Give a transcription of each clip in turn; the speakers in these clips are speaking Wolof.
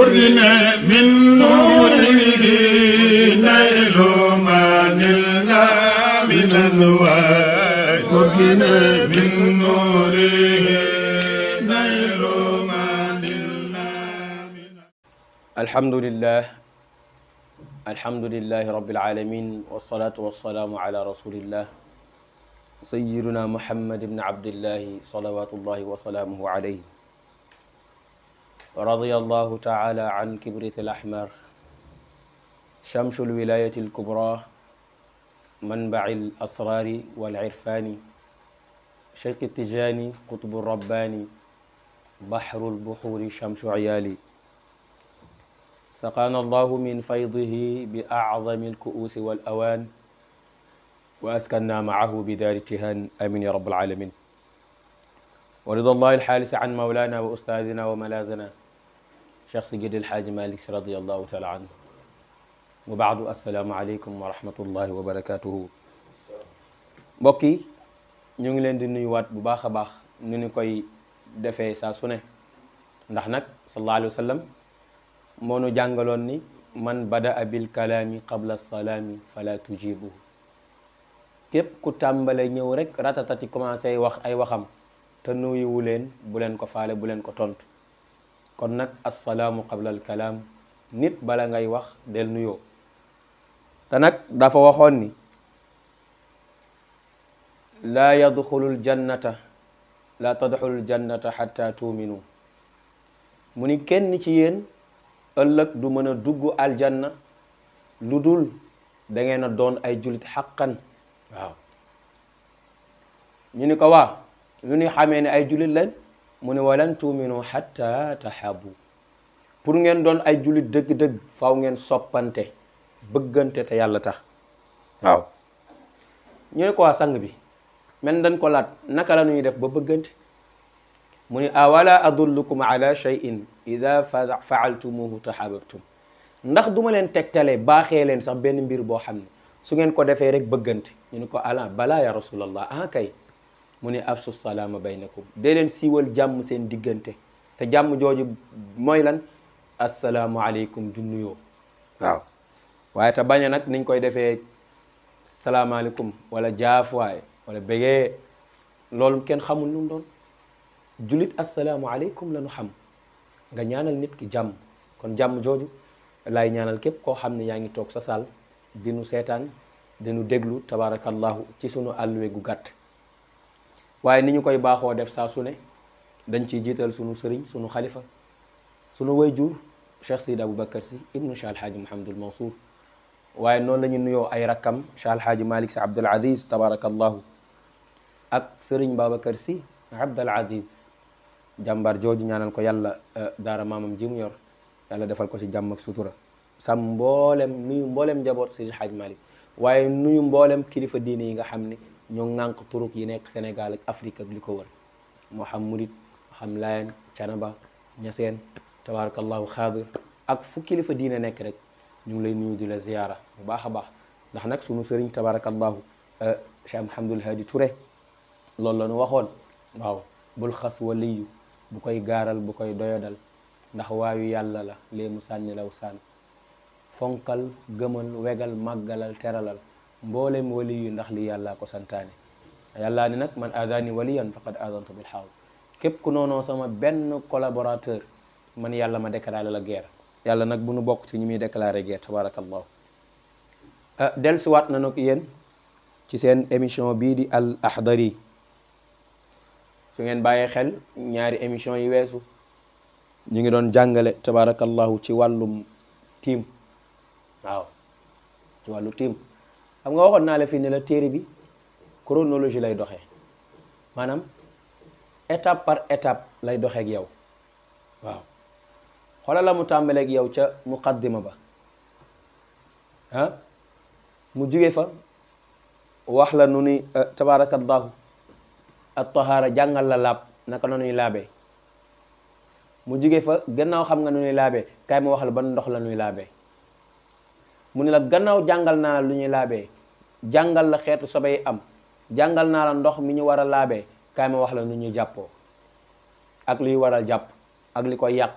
قرنا من نوره نيل من الله من الواد قرنا من نوره نيل من الله الحمد لله الحمد لله رب العالمين والصلاة والسلام على رسول الله سيدنا محمد بن عبد الله صلوات الله وسلامه عليه ورضي الله تعالى عن كبريت الأحمر شمس الولاية الكبرى منبع الأسرار والعرفان شيخ التجاني قطب الرباني بحر البحور شمس عيالي سقانا الله من فيضه بأعظم الكؤوس والأوان وأسكننا معه بدار التهان آمين يا رب العالمين ورضا الله الحالس عن مولانا وأستاذنا وملاذنا cheikh Seydi El Hadji Malick Sy radiyallahu taala anhu wa baadu assalaamu aleykum wa rahmatullahi wa barakatuhu mbokk yi ñu ngi leen di nuyuwaat bu baax a baax nu koy defee saa su ne ndax nag sallallahu alayhi wa moo nu jàngaloon ni man badaa bil kalaami qabla salaami fala tujibuhu képp ku tàmbale ñëw rek ratatati commencé wax ay waxam te nuyuwu leen bu leen ko faale bu leen ko tontu kon nag assalaamu qabla kalaam nit bala ngay wax del nuyoo te nag dafa waxoon ni laa yadxulul jannata laa tadxulul jannata xatta tuuminu mu ni kenn ci ëllëg du mën a dugg aljanna lu dul da a doon ay julit xaqan waaw ni ko waa lu ñuy xamee ne ay julit lañ mu ne walantu tuuminu hatta tahabu pour ngeen doon ay jullit dëgg-dëgg faaw ngeen soppante bëggante te yàlla tax waaw ko waa sang bi men dañ ko laat naka la ñuy def ba bëggante mu ne awala adullukum ala shay'in ida faaltumuhu tahababtum ndax duma leen tegtalee baaxee leen sax benn mbir boo xam ne su ngeen ko defee rek bëggante ñu ne ko ala bala ya rasulallah ah kay mu ne afsu salaama baynakum dee leen siiwal jàmm seen diggante te jàmm jooju mooy lan asalaamualeykum du nuyoo waaw waaye te bañ nag niñ koy defee salaamaaleykum walla jaafuwaay wala bégee loolu kenn xamul nu mu doon julit asalaamualeykum la ñu xam nga ñaanal nit ki jàmm kon jàmm jooju lay ñaanal képp koo xam ne yaa ngi toog sa saal di nu seetaan di nu déglu tabaarakallahu ci sunu àlluwe gu gàtt waaye ni ñu koy baaxoo def saa su ne dañ ciy jiital sunu sëriñ sunu xalifa sunu wayjur Cheikh Seydi Aboubacar Sy ibnu Cheikh Alhaaji Mouhamadul Mansour waaye noonu la nuyoo ay rakkam Cheikh Alhaaji Malick Sy Abdul Aziz tabarakallahu ak sëriñ Babacar Sy Abdul Aziz jàmbar jooju ñaanal ko yàlla eh, daara maamam ji mu yor yàlla defal ko si jàmm ak sutura sam mboolem nuyu mboolem njaboot Seydi Alhaaji Malick waaye nuyu mboolem kilifa diine yi nga xam ni ñoo ŋànk turuq yi nekk Sénégal ak Afrique li ko wër moo xam murit moo xam layen canaba ñaseen tabarakallahu xaadir ak fu kilifa diine nekk rek ñu ngi lay nuyu di la ziyaara bu baax a baax ndax nag sunu sëriñ tabarakallahu eh, Cheikh Mouhamadul Hadi Touré loolu la waxoon waaw bul xas waliyu bu koy gaaral bu koy doyadal ndax waayu yàlla la mu sànni law sànn fonkal gëmal wegal màggalal teralal mboolem wali yu ndax li yàlla ko santaane yàlla ni nag man aadaani waliyan faqad aadantu bil xawl képp ku noonoo sama benn collaborateur man yàlla ma déclaré la guerre yàlla nag bu nu bokk ci ñu muy déclaré guerre tabarakallahu ah, dellusiwaat na nag yéen ci seen émission bii di al axdari su ngeen bàyyi xel ñaari émission yi weesu ñu ngi doon jàngale tabarakallahu ci wàllum tiim waaw ci wàllu tiim xam nga waxoon naa la fii ne la téere bi chronologie lay doxe maanaam étape par étape lay doxeek yow waaw xoolal la mu tàmbaleeg yow ca muqaddima ba ah? mu jóge fa wax la nu ni eh, tabarakallahu a tahaara jàngal la laab naka nanuy laabee mu jóge fa gannaaw xam nga nu nuy laabee kaay mu wax la ban ndox la nuy laabee mu ne la gannaaw jàngal naa lu ñuy laabee jàngal la xeetu sobay am jàngal naa la ndox mi ñu war a laabee kaay ma wax la nu ñuy jàppoo ak luy waral jàpp ak li koy yàq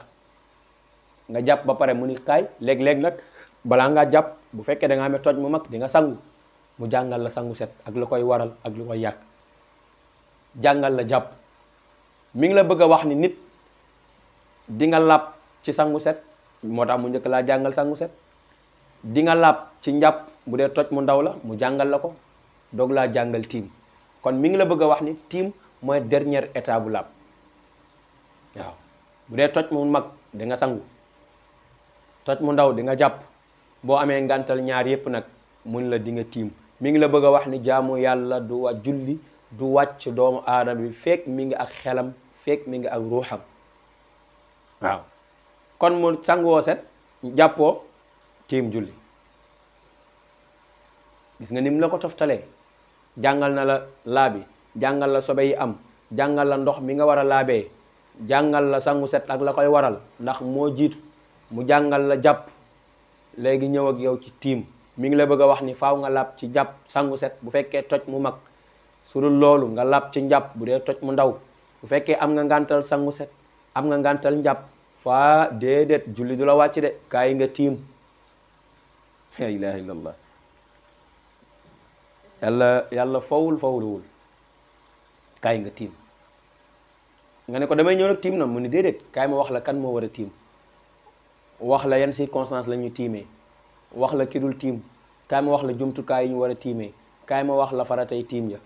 nga jàpp ba pare mu ni kaay léeg-léeg nag balaa ngaa jàpp bu fekkee danga nga amee toj mu mag di nga sangu mu jàngal la sangu set ak lu koy waral ak lu koy yàq jàngal la jàpp mu ngi la bëgg a wax ni nit dinga làpp ci sangu set moo tax mu njëkk laa jàngal sangu set dinga nga ci njàpp bu dee toj mu ndaw la mu jàngal la ko dog laa jàngal tiim kon mi ngi la bëgg a wax ni tiim mooy dernière état bu laab waaw bu dee toj mu mag dinga nga sangu toj mu ndaw di nga jàpp boo amee ngantal ñaar yépp nag mun la dinga tiim mi ngi la bëgg a wax ni jaamu yàlla du wa julli du wàcc doomu aadama bi fekk mi ngi ak xelam fekk mi ngi ak ruuxam waaw kon mu sangoo set jàppoo tiim julli gis nga nim la ko toftalee jàngal na la laabi jàngal la sobe yi am jàngal la ndox mi nga war a laabee jàngal la sangu set ak la koy waral ndax moo jiitu mu jàngal la jàpp léegi ñëw ak yow ci tiim mu ngi la bëgg a wax ni faw nga laab ci jàpp sangu set bu fekkee toj mu mag su dul loolu nga laab ci njàpp bu dee toj mu ndaw bu fekkee am nga ngàntal sangu set am nga ngàntal njàpp faa déedéet julli du la wàcc de kaay nga tiim la ilaha illallah yàlla yàlla fawul fawuluwul kaay nga tiim nga ne ko damay ñëw nag tiim na mu ni déedéet kaay ma wax la kan moo war a tiim wax la yan circonstance la ñu tiimee wax la ki tiim kaay ma wax la jumtukaay yi ñu war a tiimee kaay ma wax la faratay tiim ya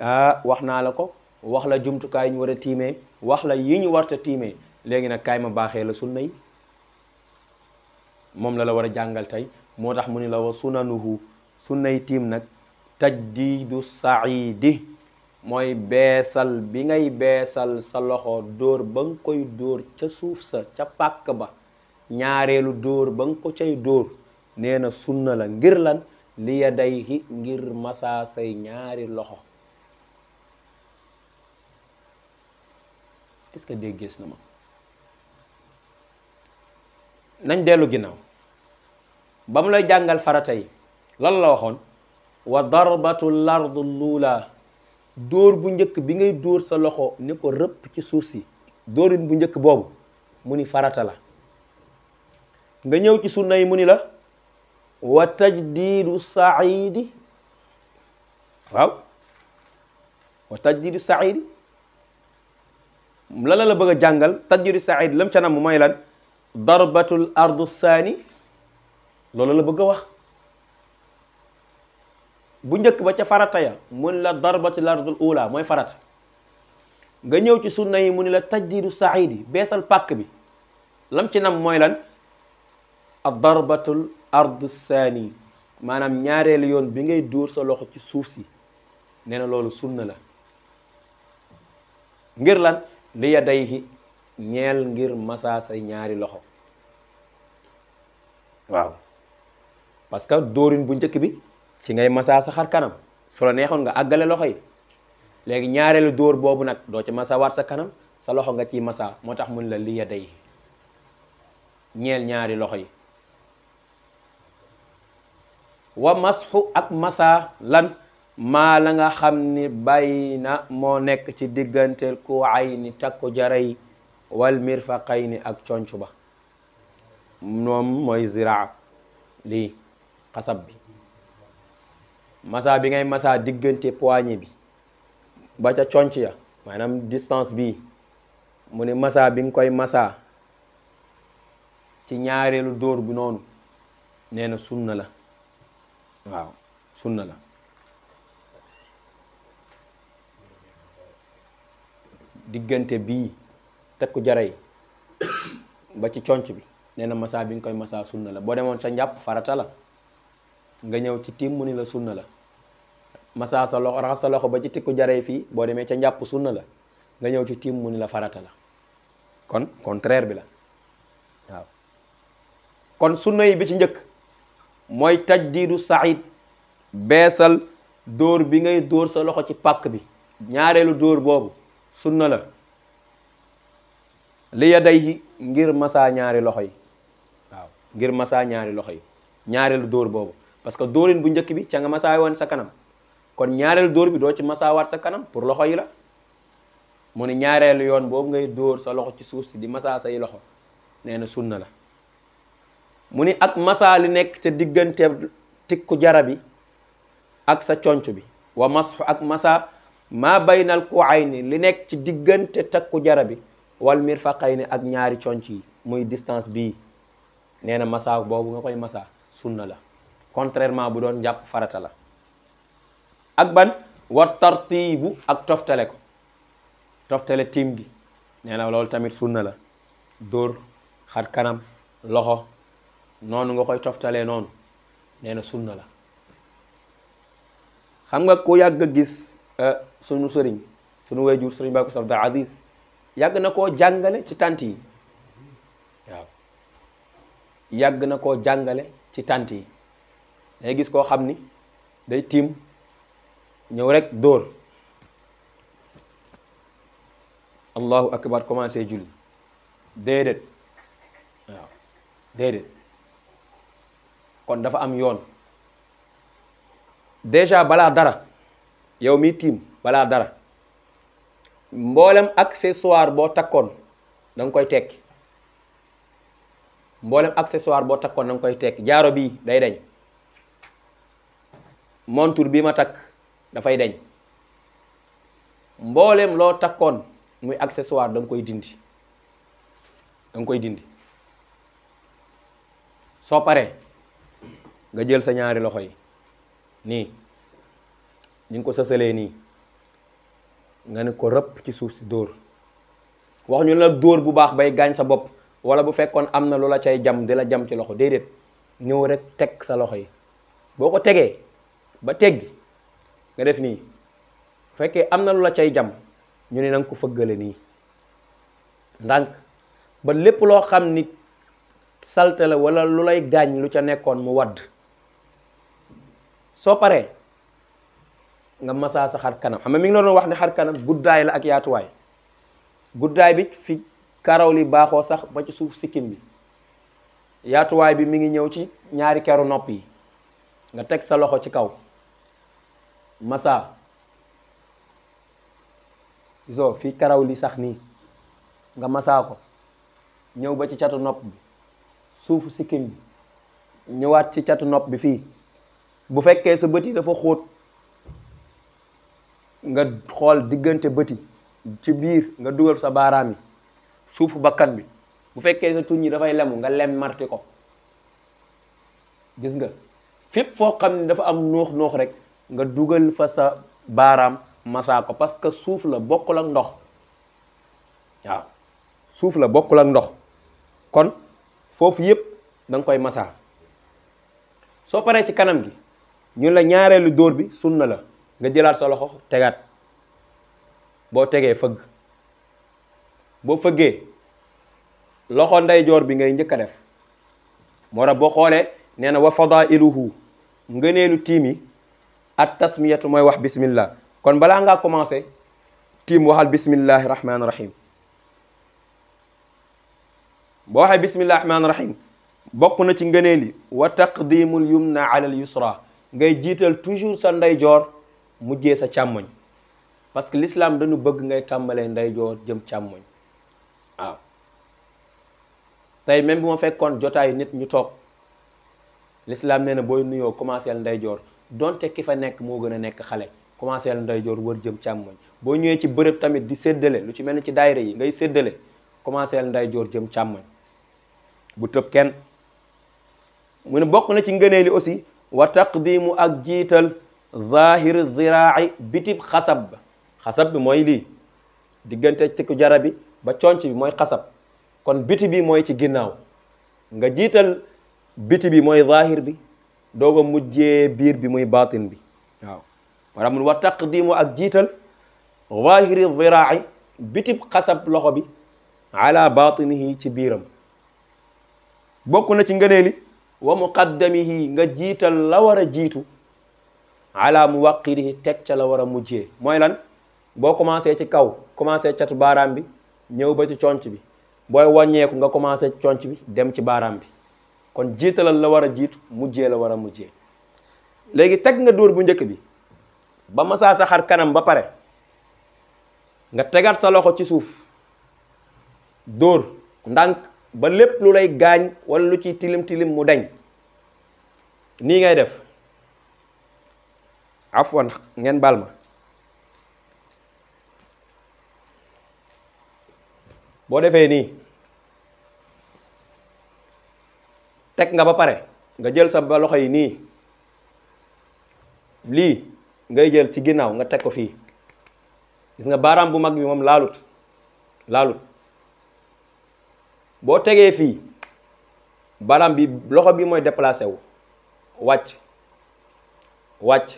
ah, wax naa la ko wax la jumtukaay yi ñu war a tiimee wax la yi ñu warta tiimee léegi nag kaay ma baaxee la sunna yi moom la la war a jàngal tey moo tax mu ni la wa sunanuhu sunnay tiim nag tajdiidu saidi mooy beesal bi ngay beesal sa loxo dóor ba nga koy dóor ca suuf sa ca pàkk ba ñaareelu dóor ba nga ko cay dóor nee na sunna la ngir lan li ya day ngir masaa say ñaari loxo est-ce que déggees na ma nañ dellu ginnaaw ba mu lay jàngal farata yi lan la waxoon wa darbatu lardu luula dóor bu njëkk bi ngay dóor sa loxo ni ko rëpp ci suuf si dóorin bu njëkk boobu mu ni farata la nga ñëw ci sunna yi mu ni la wa tajdiidu saidi waaw wa tajdiidu saidi lala la bëgg a jàngal tajdiidu saidi lam ca nam may lan darbatul ardu saani loolu la bëgg a wax bu njëkk ba ca farata ya mu ni la darbati lardul ula mooy farata nga ñëw ci sunna yi mu ni la tajdiidu saidi beesal pàkk bi lam ci nam mooy lan ad darbatul ard saani maanaam ñaareelu yoon bi ngay duur sa loxo ci suuf si nee na loolu sunna la ngir lan li yadayhi ñeel ngir masaa say ñaari loxo waaw parce que dóorin bu njëkk bi ci ngay masaa sa xar kanam su la neexoon nga àggale loxo yi léegi ñaareelu dóor boobu nag doo ci masaa waat sa kanam sa loxo nga ciy masaa moo tax mun la li ya day ñeel ñaari loxo yi wa masxu ak masaa lan maa la nga xam ni bàyyi na moo nekk ci digganteel ku ay ni takku yi wal mirfaqay ni ak conc ba moom mooy ziraa lii xasab bi masaa bi ngay masaa diggante poignée bi ba ca conc ya maanaam distance bi mu ne masaa bi nga koy massa ci ñaareelu dóor bi noonu nee na sunna la waaw sunna la diggante bii tekku jaray ba ci conc bi nee masaa bi nga koy masaa sunna la boo demoon sa njàpp farata la nga ñëw ci tiim mu ni la sunna la masaa sa loxo raxas sa loxo ba ci tikku jaree fii boo demee ca njàpp sunna la nga ñëw ci tiim mu ni la farata la kon contraire bi la waaw kon sunna yi bi ci njëkk mooy taj tajdiidu said beesal dóor bi ngay dóor sa loxo ci pàkk bi ñaareelu dóor boobu sunna la li ya day ngir masaa ñaari loxo yi waaw ngir masaa ñaari loxo yi ñaareelu dóor boobu parce que dóorin bu njëkk bi ca nga masaay woon sa kanam kon ñaareel dóor bi doo ci masaawaat sa kanam pour loxo yi la mu ne ñaareelu yoon boobu ngay dóor sa loxo ci suuf si di masaa say loxo nee na sunna la mu ni ak masaa li nekk te diggante tikku jara bi ak sa conc bi wa masxu ak masaa maa baynal kuayni li nekk ci diggante takku jara bi wal mirfaqayni ak ñaari conc yi muy distance bii nee na masaa boobu nga koy masaa sunna la contrairement bu doon jàpp farata la ak ban wa tartiibu ak toftale ko toftale tiim gi nee na loolu tamit sunna la dóor xar kanam loxo noonu nga koy toftalee noonu nee na sunna la xam nga ku yàgg gis euh, sunu sëriñ sunu wayjur sëriñ Babacar Sy Abdou Aziz yàgg na koo jàngale ci tànt yi waaw yàgg na koo jàngale ci tànt yi day gis koo xam ni day tiim ñëw rek dóor allahu akbar commencé julli déedéet waaw kon dafa am yoon déjà balaa dara yow mi tiim balaa dara mboolem accessoire boo takkoon da koy tekki mboolem accessoire boo takkoon da nga koy tekki jaaro bii day dañ montur bii ma takk dafay deñ mbooleem loo takkoon muy accessoire da nga koy dindi danga koy dindi soo paree nga jël sa ñaari loxo yi nii ñu ko sësalee nii nga ne ko rëpp ci suuf si dóor wax ñu la dóor bu baax bay gaañ sa bopp wala bu fekkoon am na lu la cay jam di la jam ci loxo déedéet ñëw rek teg sa loxo yi boo ko tegee ba tegg nga def nii bu fekkee am na lu la cay jam ñu ne nanga ko fëggale nii ndànk ba lépp loo xam ni salte la wala lu lay gaañ lu ca nekkoon mu wadd soo paree nga masaa sa xar kanam xam ne mi ngi la doon wax ne xar kanam guddaay la ak yaatuwaay guddaay bi fi karaw li baaxoo sax ba ci suuf sikkim bi yaatuwaay bi mi ngi ñëw ci ñaari keru nopp yi nga teg sa loxo ci kaw massa gisoo fii karaw li sax nii nga massa ko ñëw ba ci catu nopp bi suufu sikkim bi ñëwaat ci catu nopp bi fii bu fekkee sa bët yi dafa xóot nga xool diggante bëti ci biir nga dugal sa baaraam yi suufu bakkan bi bu fekkee sa tuñ yi dafay lemu nga lem marti ko gis nga fépp foo xam ne dafa am noox noox rek nga dugal fa sa baaraam masaa ko parce que suuf la bokkul ak ndox waaw suuf la bokkul ak ndox kon foofu yëpp danga koy masaa soo paree ci kanam gi ñu la ñaareelu dóor bi sunna la nga jëlaat sa loxo tegaat boo tegee fëgg boo fëggee loxo ndeyjoor bi ngay njëkk a def moo tax boo xoolee nee na wa fadailuhu ngëneelu tiim yi at tasmiyatu mooy wax bismillah kon balaa ngaa commencé tiim waxal bismillahi rahmaani rahim boo waxee bismillahi rahmaani rahim bokk na ci ngëneeli wa taqdimul yumna ala al yusra ngay jiital toujours sa ndeyjoor mujjee sa càmmoñ parce que l'islam dañu bëgg ngay tàmbalee ndeyjoor jëm càmmoñ waaw tey même bu ma fekkoon jotaayu nit ñu toog l'islam nee na booy nuyoo commencé ndeyjoor donte ki fa nekk moo gën a nekk xale commencé la ndeyjoor wër jëm càmmoñ boo ñëwee ci bërëb tamit di séddale lu ci mel ni ci daayira yi ngay séddale commencé la ndeyjoor jëm càmmoñ bu tëb kenn mu ne bokk na ci ngënee li aussi wa taqdimu ak jiital zahir ziraai bitib xasab ba xasab bi mooy lii diggante ciku jara bi ba conc bi mooy xasab kon biti bi mooy ci ginnaaw nga jiital biti bi mooy zahir bi doog a mujjee biir bi muy baatin bi waaw par exemple wa taqdimu ak jiital zahiri ziraai bitib xasab loxo bi ala baatinihi ci biiram bokk na ci ngëneeli wa muqaddamihi nga jiital la war a jiitu ala muwaqirihi teg ca la war a mujjee mooy lan boo commencé ci kaw commencé catu baaraam bi ñëw ba ci conc bi booy wàññeeku nga commencé ci conc bi dem ci baaraam bi kon jiitalal la war a jiitu mujjee la war a mujje léegi teg nga dóor bu njëkk bi ba masaa sa xar kanam ba pare nga tegaat sa loxo ci suuf dóor ndànk ba lépp lu lay gaañ walla lu ciy tilim tilim mu deñ nii ngay def afwan ngeen baal ma boo defee nii teg nga ba pare nga jël sa ba loxo yi nii lii ngay jël ci ginnaaw nga teg ko fii gis nga baaraam bu mag bi moom laalut laalut boo tegee fii baaraam bi loxo bi mooy déplacé wu wàcc wàcc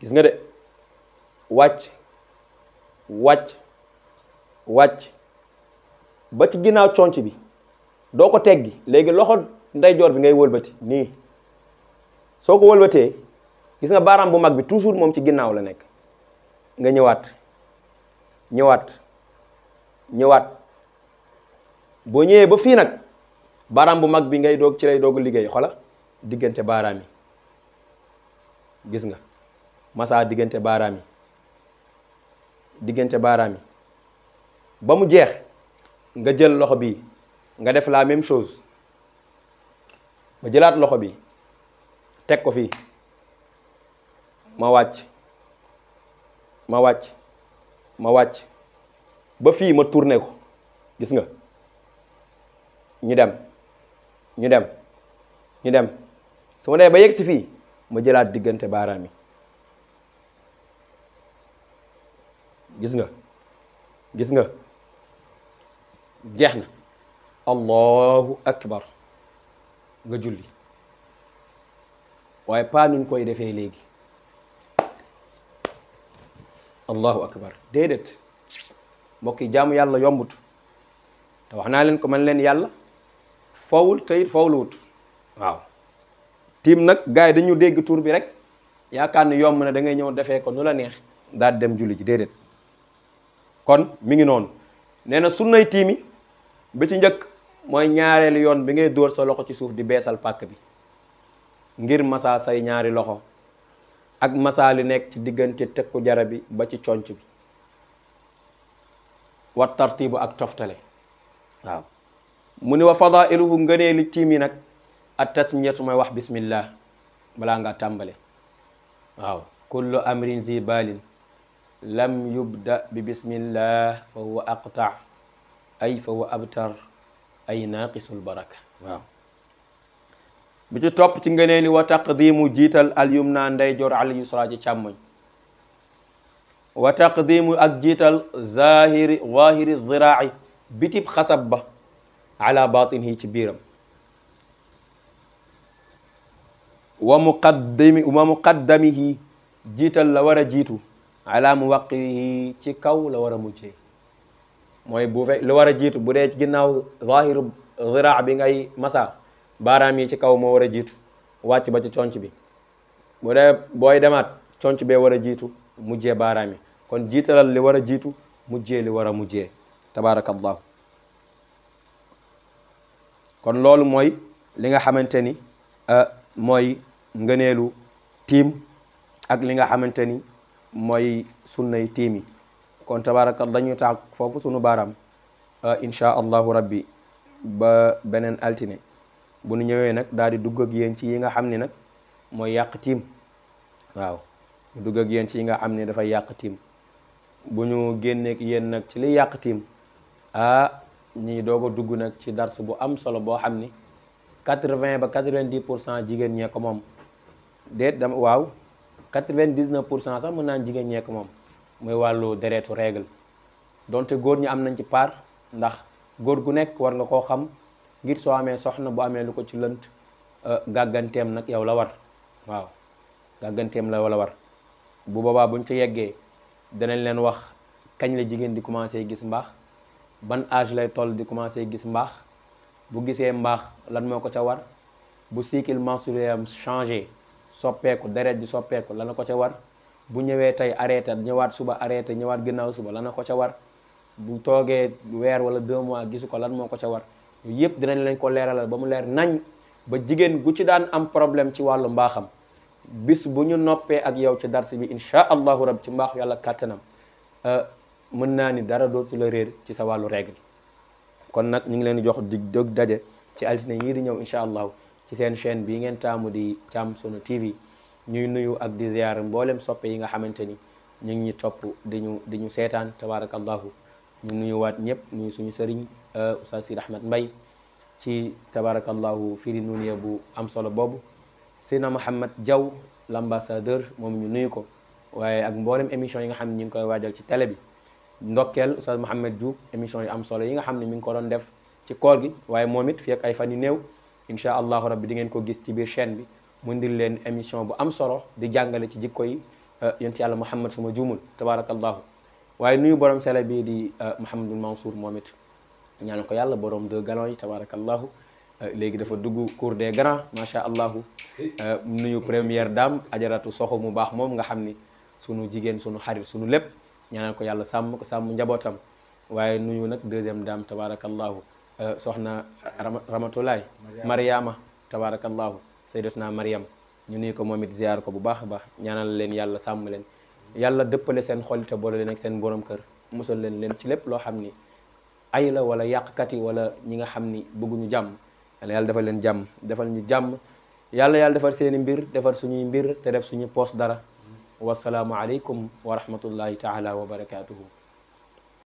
gis nga de wàcc wàcc wàcc ba ci ginnaaw conc bi doo ko teggi léegi loxo ndeyjoor bi ngay wëlbati nii soo ko wëlbatee gis nga baaraam bu mag bi toujours moom ci ginnaaw la nekk nga ñëwaat ñëwaat ñëwaat boo ñëwee ba fii nag baaraam bu mag bi ngay doog ci lay doog liggéey xola diggante baaraam yi gis nga masaa diggante baaraam yi diggante baaraam yi ba mu jeex nga jël loxo bi nga def la même chose ma jëlaat loxo bi teg ko fii ma wàcc ma wàcc ma wàcc ba fii ma turne ko gis nga ñu dem ñu dem ñu dem su ma demee ba yegg si fii ma jëlaat diggante baaraam yi gis nga gis nga jeex na allahu akbar nga julli waaye pas nuñ koy defee léegi allahu akbar déedéet mbokk yi jaamu yàlla yombut te wax naa leen ko man leen yàlla foowul te it foowluwut waaw tiim nag gaa yi dañu dégg tuur bi rek yaakaar ni yomb na dangay ñëw defee ko nu la neex daal dem julli ji déedéet kon mi ngi noonu nee sunnay tiimi ba ci njëkk mooy ñaareelu yoon bi ngay dóor sa loxo ci suuf di beesal pàkk bi ngir masaa say ñaari loxo ak masaa lu nekk ci diggante tekku jara bi ba ci conc bi wat tartibu ak toftale waaw mu ni wa fadailuhu ngënee li tiim yi nag at tasmiyatu mooy wax bismillah balaa nga tàmbale waaw kullu amrin zi balin lam yubda bi bismillah fa huwa aqta ay fa huwa abtar ay naaqisul baraka waaw bu ci topp ci ngënee ni wa taqdimu jiital alyumna ndeyjoor al yusra ci càmmoñ wa taqdimu ak jiital zahiri zahiri ziraai bitib xasab ba ala batin yi ci biiram wa muqaddami wa muqaddamihi jiital la war a jiitu ala muwaqihi ci kaw la war a mujjee mooy bu lu war a jiitu bu dee ginnaaw zahiru ziraa bi ngay masa baaraam yi ci kaw moo war a jiitu wàcc ba ci conc bi bu dee booy demaat conc be war a jiitu mujje baaraam yi kon jiitalal li war a jiitu mujjee li war a mujjee tabarakallahu kon loolu mooy li nga xamante ni euh, mooy ngëneelu tiim ak li nga xamante ni mooy sunnay tiim yi kon tabaarakal dañuy taag foofu sunu baaraam euh, incha allahu rabbi ba beneen altine bu nu ñëwee nag daal di dugg ak yéen ci yi nga xam ni nag mooy yàq tiim waaw dugg ak yéen ci yi nga xam ne dafay yàq tiim bu ñu génneek yéen nag ci liy yàq tiim ah ñi doog a dugg nag ci dars bu am solo boo xam ni quatre-vingt ba quatre-vingt-dix pour cent jigéen ñee moom de dama waaw quatre-vingt-dix-neuf pour cent sax mën naan jigéen ñee moom muy wàllu deretu règle donte góor ñi am nañ ci part ndax góor gu nekk war nga koo xam ngir soo amee soxna bu amee lu ko ci lënt euh, gàgganteem nag yow la war waaw gàgganteem la wala war bu boobaa buñ ci yeggee danañ leen wax kañ la jigéen di commencé gis mbaax ban âge lay toll di commencé gis mbaax bu gisee mbaax lan moo ko ca war bu cycle menstruel am changé soppeeku deret bi soppeeku lan la ko ca war bu ñëwee tey arrêté ñëwaat suba arrêté ñëwaat ginnaaw suba lana ko ca war bu toogee weer wala deux mois gisu ko lan moo ko ca war yooyu yëpp dinañ leen ko leeralal ba mu leer nañ ba jigéen gu ci daan am problème ci wàllu mbaaxam bis bu ñu noppee ak yow ci darsi bi incha allahu rabi ci mbaax yàlla kàttanam euh, mën naa ni dara dootu la réer ci sa wàllu règle kon nag ñu ngi leen di jox dig dog daje ci altine yii di ñëw incha allahu ci seen chaîne bii ngeen taamu di Thiam Sono TV ñuy nuyu ak di ziyaar mboolem soppe yi nga xamante ni ñu ngi ñu topp dañu ñu di ñu seetaan tabarakallahu ñu nuyuwaat ñëpp nuyu suñu sëriñ euh, Oustaz Sidi Ahmed mbay ci tabarakallahu firi nuuniya bu am solo boobu Seydina Mouhamed Diaw l'ambassadeur moom ñu nuyu ko waaye ak mboolem émission yi nga xam ne ñu ngi koy waajal ci tele bi ndokkeel Oustaz Mouhamed Diouf émission yi am solo yi nga xam ne mi ngi ko doon def ci kool gi waaye moom it fii ak ay fan yu néew incha allahu rabbi di ngeen ko gis ci biir chaîne bi mu ndil leen émission bu am solo di jàngale ci jikko yi euh, yonent yàlla Muhammad suma juumul tabarakallahu waaye nuyu borom sela bii di euh, Mouhamadul Mansour moom it ñaanal ko yàlla borom deux galons yi tabarakallahu euh, léegi dafa dugg cour des grands macha allahu nuyu première daam ajaratu soxo mu baax moom nga xam ni sunu jigéen sunu xarit sunu lépp ñaanal ko yàlla sàmm ko sàmm njabootam waaye nuyu nag deuxième dame tabarakallahu soxna Ramatulaay Mariama tabarakallahu sayyidatuna Maryam ñu nuyu ko moom it ziar ko bu baax a baax ñaanal leen yàlla sàmm leen yàlla dëppale seen xolite boole leen ak seen borom kër musal leen leen ci lépp loo xam ni ay la wala yàqkat yi wala ñi nga xam ni bëgguñu jàmm yàlla yàlla leen jàmm defal ñu jàmm yàlla yàlla defal seeni mbir defal suñuy mbir te def suñu poos dara wasalaamu aleykum wa rahmatullahi taala wa barakaatuhu